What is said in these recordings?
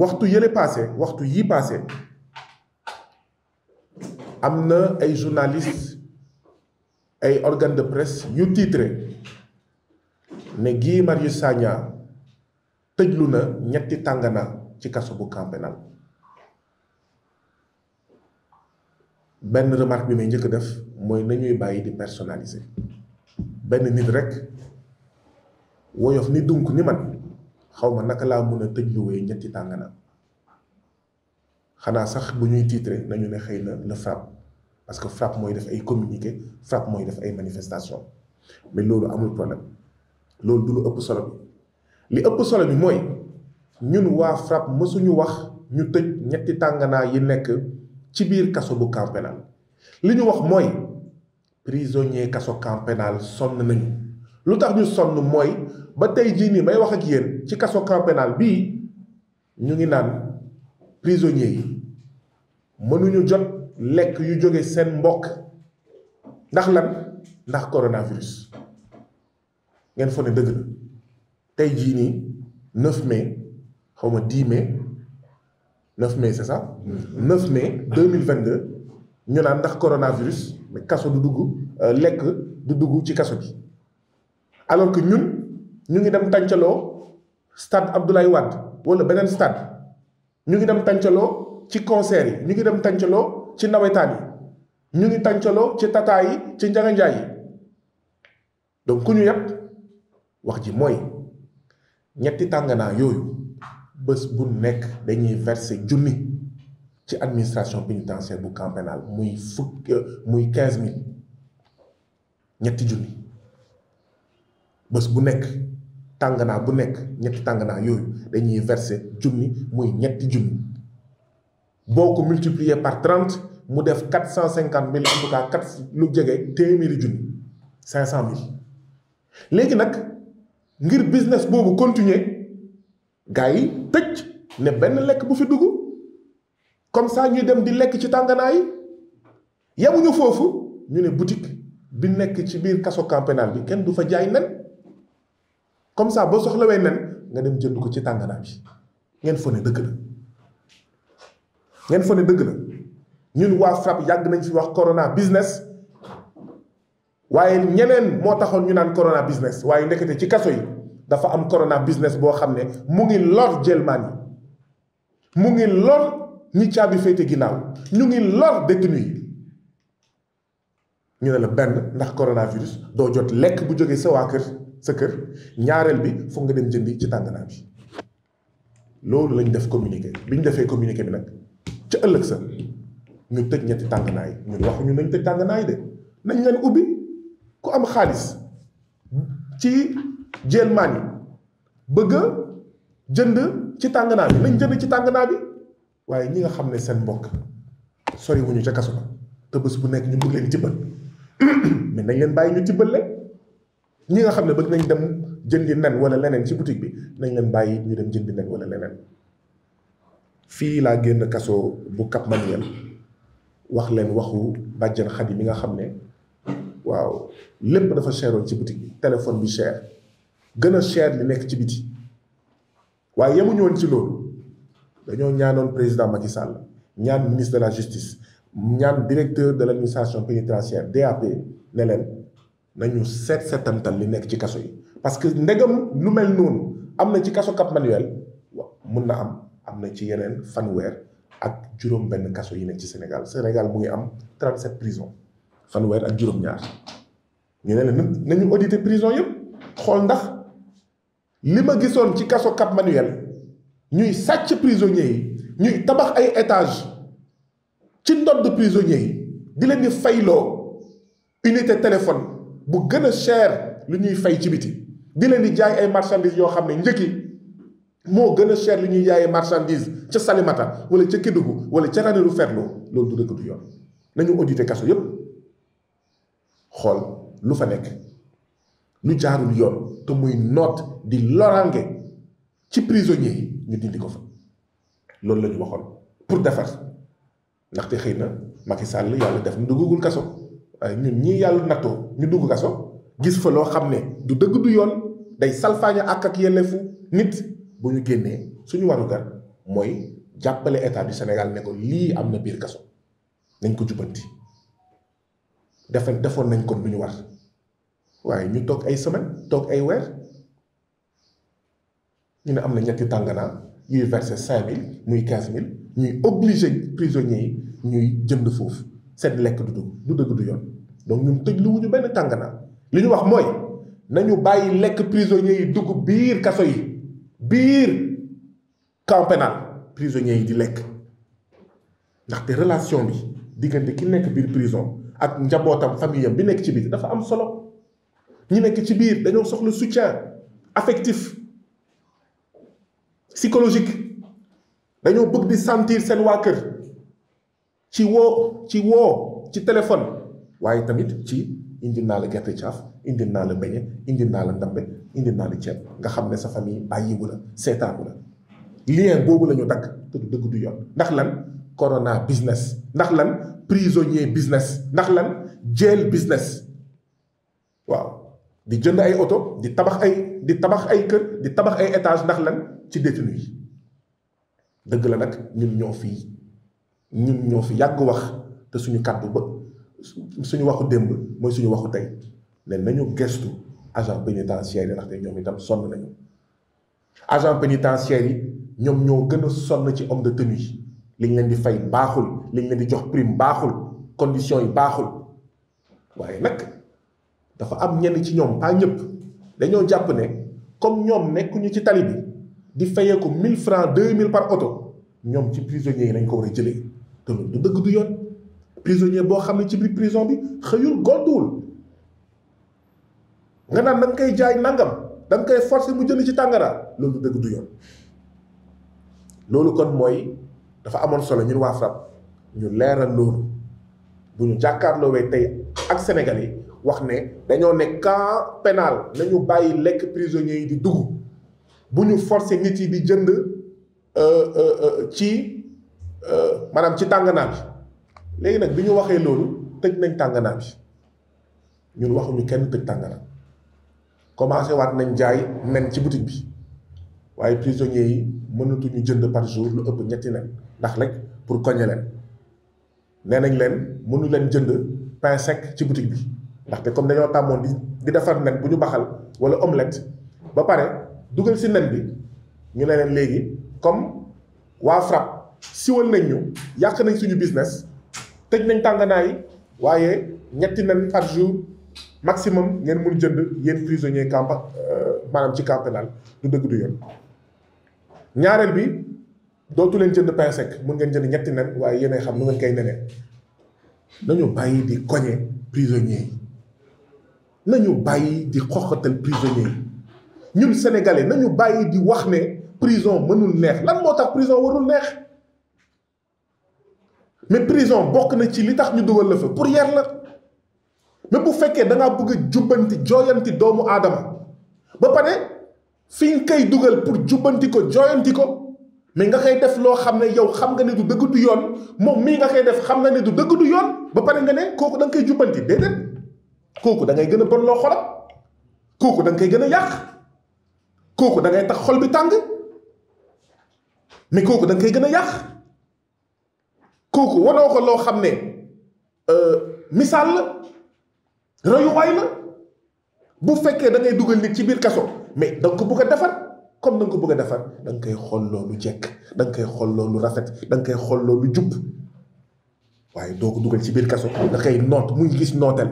waxtu yële passé waxtu yi passé am na ay journalistes ay organes de presse yu titré ne Guy Marius Sagna tëjlu na ñetti tàngana ci kaso bu Camp benn remarque bi may njëkk def mooy nañuy bàyyi di personnaliser benn nit rek woyof ni dunk ni man xaw ma naka laa mun a tëjluwee ñetti naa xanaa sax bu ñuy titre nañu ne xëy na le FRAPP parce que FRAPP mooy def ay communiqué FRAPP mooy def ay manifestation mais loolu amul problème loolu du lu ëpp solo bi li ëpp solo bi mooy ñun waa FRAPP mësuñu wax ñu tëj ñetti tànganaa yi nekk ci biir kaso bu camp li ñu wax mooy prisonnier kaso camp pénal sonn nañu lu tax ñu sonn mooy ba tey jii nii may wax ak yéen ci kaso camp pénal bii ñu ngi naan prisonniers yi mënuñu jot lekk yu jóge seen mbokk ndax lan ndax coronavirus ngeen foog ne dëgg la tey jii nii 9 mai xaw ma 10 mai 9 mai c'est ça. 9 mm-hmm. mai 2022 ñu naan ndax coronavirus kaso du dugg euh, lekk du dugg ci kaso bi. alors que ñun ñu ngi dem tàncaloo stade Abdoulaye Wade wala beneen stade ñu ngi dem tàncaloo ci concert yi ñu ngi dem tàncaloo ci nawetaan yi ñu ngi tàncaloo ci tataa yi ci njaganjaay yi donc ku ñu yépp wax ji mooy ñetti tàng naa yooyu bés bu nekk dañuy verser junni ci administration pénitentiaire bu camp muy fukk euh, muy quinze mille ñetti junni bés bu nekk tàng naa bu nekk ñetti tànganaa yooyu dañuy verser junni muy ñetti junni boo ko multiplier par trente mu def quatre cent cinquante mille en tout cas quatre lu jege téeméeri junni cinq cent mille léegi nag ngir business boobu continuer gars yi tëj ne benn lekk bu fi dugg comme ça ñuy dem di lekk ci tànganaa yi yemuñu foofu ñu ne butik bi nekk ci biir kaso camp bi kenn du fa jaay nen comme ça boo soxlawee nen nga dem jënd ko ci tànganaa bi ngeen fone ne dëgg la ngeen fa ne dëgg na ñun waa FRAPP yàgg nañ fi wax corona business waaye ñeneen moo taxoon ñu naan corona business waaye ndekete ci kaso yi dafa am corona business boo xam ne mu ngi lor jëlmaan yi mu ngi lor ñi caabi féete ginnaaw ñu ngi lor détenu yi ñu ne la benn ndax coronavirus doo jot lekk bu jógee sa waa kër. sa kër ñaareel bi foog nga dem jënd ci tànganaa bi loolu lañ def communiqué bi ñu defee communiqué bi nag ca ëllëg sa ñu tëj ñetti tànganaa yi ñun waxuñu nañ tëj tànganaa yi de nañ leen ubbi ku am xaalis ci jeen bëgg a jënd ci tànganaa bi nañ jënd ci tànganaa bi waaye ñi nga xam ne seen mbokk sori wuñu ca kaso ba te bés bu nekk ñu bëgg leen tibbal mais nañ leen bàyyi ñu tibbal leen ñi nga xam ne bëgg nañ dem jëndi nen wala leneen ci boutique bi nañ leen bàyyi ñu dem jëndi nen wala leneen fii laa génn kaso bu Cap Manuel wax leen waxu bàjjan Xadi mi nga xam ne waaw lépp dafa cheroon ci boutique bi téléphone bi cher gën a cher li nekk ci biti waaye yemuñu woon ci loolu dañoo ñaanoon président Macky Sall ñaan ministre de la justice ñaan directeur de l'administration pénitentiaire DAP ne leen nañu seet seetantal li nekk ci kaso yi parce que ndegam lu mel noonu am na ci kaso Cap Manuel wa mun na am am na ci yeneen fanweer ak juróom benn kaso yi nekk ci Sénégal Sénégal mu ngi am 37 prison fanweer ak juróom ñu ne la nañu audité prison yëpp xool ndax li ma gisoon ci kaso Cap Manuel ñuy sàcc prisonniers yi ñuy tabax ay étage ci ndodd prisonniers yi di leen di fayloo unité téléphone bu gën a cher li ñuy fay ci biti di leen di jaay ay marchandises yoo xam ne njëkki moo gën a cher lu ñuy jaayee marchandise ca Salimata wala ca Kédougou wala ca Ranérou Ferlo loolu du dëkk du yoon nañu audité kaso yépp xool lu fa nekk lu jaarul yoon te muy noot di loraange ci prisonniers yi ñu dindi ko fa loolu la ñu waxoon pour defar ndax ndaxte xëy na Macky Sall yàlla def na duggagul kaso Euh, ñun ñi yàlla nattoo ñu dugg kaso gis fa loo xam ne du dëgg du yoon day salfaaña ak ak yelleefu nit bu ñu génnee suñu warugar mooy jàppale état du Sénégal nekkoon lii am na biir kaso nañ ko jubanti defe defoon nañ ko lu ñu war waaye ñu toog ay semaine toog ay weer ñu ne am na ñetti tànganaa yuy verser cinq mille muy quinze mille ñuy obligé prisonniers yi ñuy jënd foofu seen lekk du dugg du dëgg du yoon donc ñun tëj lu wuñu benn tànganaa li ñu wax mooy nañu bàyyi lekk prisonniers yi dugg biir kaso yi biir camp pénal prisonniers yi di lekk ndaxte relation bi diggante ki nekk biir prison ak njabootam famille am bi nekk ci biir dafa am solo ñi nekk ci biir dañoo soxla soutien affectif psychologique dañoo bëgg di sentir seen waa kër ci woo ci woo ci téléphone waaye tamit ci indi naa la gerte caaf indil naa la beñe indil naa la ndambe indi naa la ceeb nga xam ne sa famille bàyyiwu la seetaawu la lien boobu lañu ñu dagg te du dëgg du yoon ndax lan corona business ndax lan prisonnier business ndax lan jail business waaw di jënd ay oto di tabax ay di tabax ay kër di tabax ay étage ndax lan ci détenu yi dëgg la nag ñun ñoo fii ñun ñoo fi yàgg wax te suñu kàddu ba suñu waxu démb mooy suñu waxu tey ne nañu gestu agent pénitentiaire yi ndaxte ñoom itam sonn nañu agent pénitentiaire yi ñoom ñoo gën a sonn ci homme de tenue yi liñ leen di fay baaxul liñ leen di jox prime baaxul condition yi baaxul waaye nag dafa am ñenn ci ñoom pas ñëpp dañoo jàpp ne comme ñoom nekkuñu ci tali bi di fayee ko mille francs deux mille par oto ñoom ci prisonniers yi lañ ko war a jëlee te loolu du dëgg du yoon prisonnier boo xam ne ci biir prison bi xëyul gontuwul nga naan na nga koy jaay nangam da nga koy forcer mu jënd ci tàngara loolu du dëgg du yoon loolu kon mooy dafa amoon solo ñun waa FRAPP ñu leeral loolu bu ñu jàkkaarloowee tey ak Sénégal yi wax ne dañoo ne camp pénal nañu bàyyi lekk prisonniers yi di dugg bu ñu forcer nit yi di jënd euh, euh, euh, ci. Euh, maanaam ci tànganaa bi léegi nag bi ñu waxee loolu tëj nañ tànganaa ñun waxuñu kenn tëj tànganaa commencé waat nañ jaay nen ci boutique bi waaye prisonniers yi mënatuñu jënd par jour lu ëpp ñetti nen ndax rek pour koñe leen nee nañ leen mënu leen jënd pain sec ci boutique bi ndaxte comme dañoo tàmmoon di di defar nen bu ñu baxal wala omelette ba pare dugal si nen bi ñu ne leen léegi comme waa FRAPP siwal nañ ñu yàq nañ suñu business tëj nañ tànganaay waaye ñetti nen par jour maximum ngeen mun jënd yéen prisonnier camp euh, maanaam ci camp pénal du dëgg du yoon ñaareel bi dootu leen jënd pain sec mun ngeen jënd ñetti nen waaye yéen xam nu ngeen koy neneen nañu bàyyi di koñe prisonnier yi nañu bàyyi di xoxatal prisonnier yi ñun sénégalais nañu bàyyi di wax ne prison mënul neex lan moo tax prison warul neex mais prison bokk na ci li tax ñu dugal la fa pour yar la mais bu fekkee da ngaa bëgg a jubbanti jooyanti doomu aadama ba pare fi nga koy dugal pour jubbanti ko jooyanti ko mais nga koy def loo xam ne yow xam nga ne du dëgg du yoon moom mii nga kay def xam nga ne du dëgg du yoon ba pare nga ne kooku danga nga koy jubbanti déedéet kooku da ngay gën a bon loo xolam kooku danga kay gën a yàq kooku da ngay tax xol bi tàng mais kooku da nga koy gën a yàq. kooku wanoo ko loo xam ne euh, misaal la royuwaay la bu fekkee da ngay dugal nit ci biir kaso mais da ko bugg a defar comme da ko bëgg a defar da koy xool loolu jekk da koy xool loolu rafet da nga koy xool loolu jub waaye doo ko dugal ci biir kaso da koy noot muy gis nootel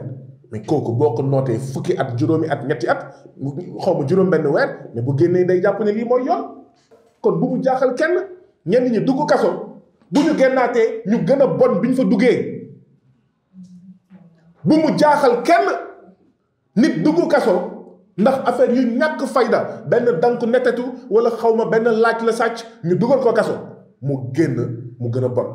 mais kooku boo ko nootee fukki at juróomi at ñetti at xaw ma juróom benn weer mais bu génnee day jàpp ne lii mooy yoon kon bu mu jaaxal kenn ñenn ñi dugg kaso bu ñu génnaatee ñu gën a bon bi ñu fa duggee bu mu jaaxal kenn nit duggu kaso ndax affaire yu ñàkk fayda benn dank netetu wala xaw ma benn laaj la sàcc ñu dugal ko kaso mu génn mu gën a bon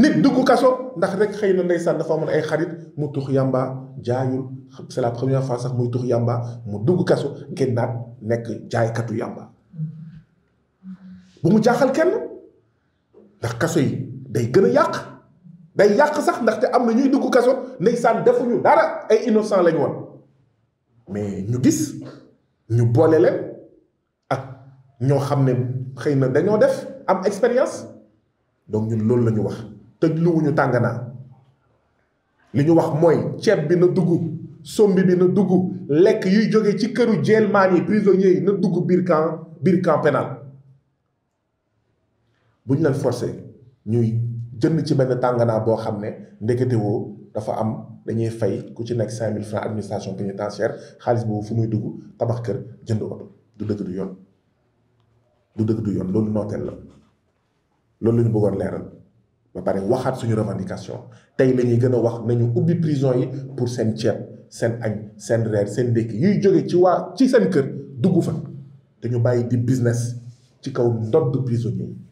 nit dugg kaso ndax rek xëy na ndeysaan dafa amoon ay xarit mu tux yàmba jaayul c'est la première fois sax muy tux yàmba mu dugg kaso génnaat nekk jaaykatu yàmba bu mu jaaxal kenn ndax kaso yi day gën a yàq day yàq sax ndaxte am na ñuy dugg kaso ndeysaan defuñu dara ay innocent lañ woon mais ñu gis ñu boole leen ak ñoo xam ne xëy na dañoo def am expérience donc ñun loolu la ñu wax tëj luwuñu naa li ñu wax mooy ceeb bi na dugg sombi bi na dugg lekk yuy jóge ci këru jeel maan yi prisonniers yi na dugg biir camp biir camp pénal bu ñu leen forcé ñuy jënd ci benn tànganaa boo xam ne ndeketewoo dafa am dañuy fay ku ci nekk cinq mille francs administration pénitentiaire xaalis boobu fu muy dugg tabax kër jënd oto du dëgg du yoon du dëgg du yoon loolu nooteel la loolu la ñu bëggoon leeral ba pare waxaat suñu revendication tey la ñuy gën a wax nañu ubbi prison yi pour seen ceeb seen añ seen reer seen ndékki yuy jóge ci waa ci seen kër dugg fa te ñu bàyyi di business ci kaw ndodd prisonnier yi